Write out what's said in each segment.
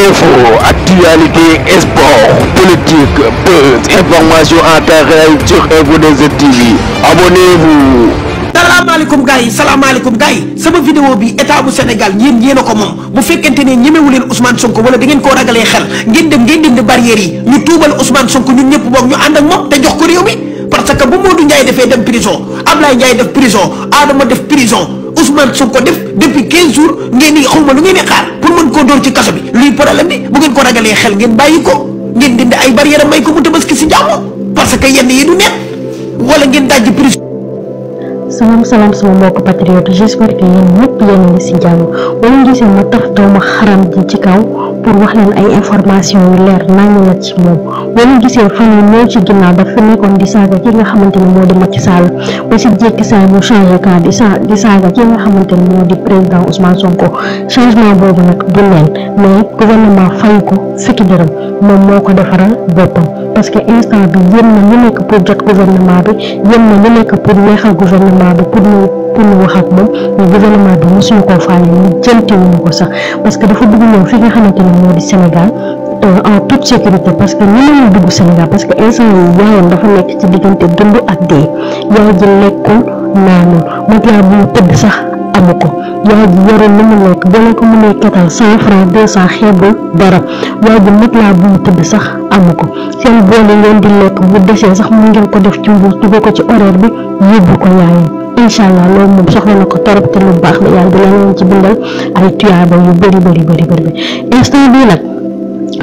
info actualité sport politique buzz information en temps réel sur Info 2S TV abonnez-vous. salaamaaleykum gars yi salaamaaleykum gars yi sama vidéo bi état bu Sénégal yéen yéen a ko moom bu fekkente ne ñemewu leen Ousmane Sonko wala da ngeen koo ragalee xel ngeen dem ngeen dindi barrières yi ñu tuubal Ousmane Sonko ñun ñëpp boog ñu ànd ak moom te jox ko réew mi parce que bu Modou Ndiaye defee dem prison Ablaye Ndiaye def prison Adama def prison Ousmane Sonko def depuis 15 jours ngeen di xaw ma lu ngeen di xaar. mën ko door ci kaso bi luy problème bi bu ngeen ko ragalee xel ngeen bàyyiko ngeen dindi ay barrière may ko mu tabaski si jàmm parce que yenn yi du neen wala ngeen dajj prison salaam salaam sama mbokk patriote j'espère que yéen ñëpp a ngi si jàmm wala ki nga xamante ni mu ni moo di président Ousmane Sonko changement boobu nag du leen ko fukki dërëm moom moo ko defaral boppam bi yéen na ñu nekk pour jot gouvernement bi yéen na ñu nekk pour neexal gouvernement gouvernement bi pour ñu pour ñu wax ak moom mais gouvernement bi mosuñu koo parce que dafa dugg ñëw fi xamante ne moo di Sénégal euh, parce que ñu mënul dugg Sénégal parce que instant yi yaayam dafa nekk ci diggante dund ak dee yaay ji lekkul naanul moom yaa bu tëdd sax amu ko yaay ji yore lu mu lekk boo ko mënee ketal cent franc deux cent xeebul dara yaay ji mat laa bu mu tëdd sax amu ko seen boole ngeen di lekk bu desee sax mu ngeen ko def ci mbuus dugal ko ci horaire bi yóbbu ko yaayam incha allah loolu moom soxla na ko torop te lu baax la yàlla dina leen ci bindal ay tuyaaba yu bëri bëri bëri bëri instant bii nag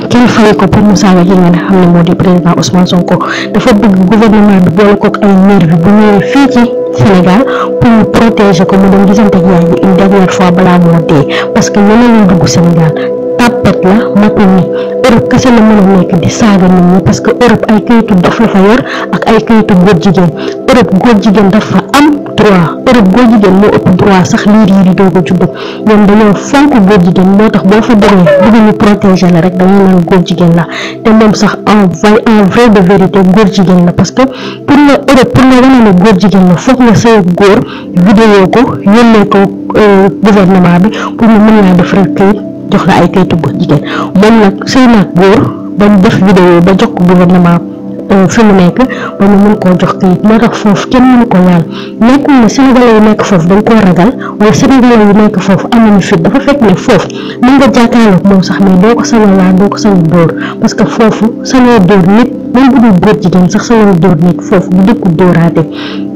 kenn xam ko pour Moussa Wathie nga ne xam ne moo di président Ousmane Sonko dafa bëgg gouvernement bi boole kook ay maire bi bu ñëwee fii ci Sénégal pour ñu protéger ko mu dem gisante ak yaay bi une dernière fois balaa moo dee parce que ñeneen ñuy dugg Sénégal tàppet la matu ni Europe kese la mën a nekk di saaga nit parce que Europe ay kayitu dof la fa yor ak ay kayitu góor jigéen Europe góor jigéen dafa am droit bërëb góor jigéen moo ëpp droit sax liir yi di doog a judd ñoom dañoo fonk góor jigéen moo tax boo fa demee bëgg protéger la rek dañu naan góor jigéen la te moom sax en vrai de vérité góor jigéen la parce que pour nga Europe pour nga wane ne góor jigéen la foog nga say góor vidéo ko yónnee ko euh, gouvernement bi pour mu mën laa def rek kayit jox la ay kayitu góor jigéen moom nag say naag góor ba mu def vidéo ba jox ko gouvernement Euh, fi mu nekk ba ñu mun koo jox kayit moo tax foofu kenn mënu ko laal nekkul ne sénégalais yi nekk foofu dañ koo ragal wala sénégalais yi nekk foofu amuñu fit dafa fekk ne foofu mën nga jàkkaarloog moom sax mais doo ko sañoo laal doo ko sañoo dóor parce que foofu sañoo dóor nit même bu dul góor jigéen sax sañoo dóor nit foofu bu dëkku dóoraate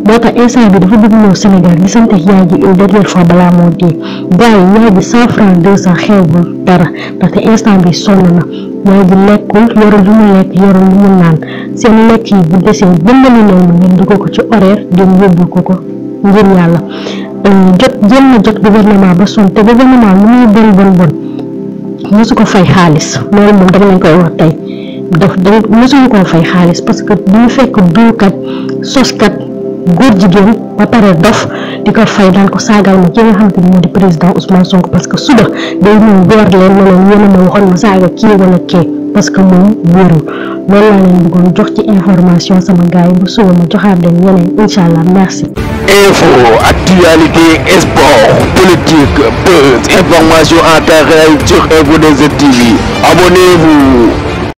moo tax instant bi dafa bëgg ñëw Sénégal ñu sant yaay ji une dernière fois balaa moo dee gars yi yaay ji cent franc dara parce que instant bi sonn na yaay ji lekkul yorul lu mu lekk yorul lu mu naan seen lekk bu desee ba mën a noonu ngeen dugal ko ci horaire ngeen yóbbul ko ko ngir yàlla euh, jot jéem na jot gouvernement ba sonn te gouvernement lu muy bon ko fay xaalis loolu moom dama leen koy wax tey daf fay xaalis parce que bu ñu fekk duukat soskat góor jigéen ba pare dof di ko fay ko saagal ma ki nga xamante ni moo di président Ousmane Sonko parce que suba day ñëw door leen ne leen yéen ma waxoon ma saaga kii wala kii parce que moom wóorul loolu laa leen bëggoon jox ci information sama gars yi suba ma joxaat leen yeneen incha allah merci. info actualité sport politique buzz information en temps réel sur Info 2S TV abonnez-vous.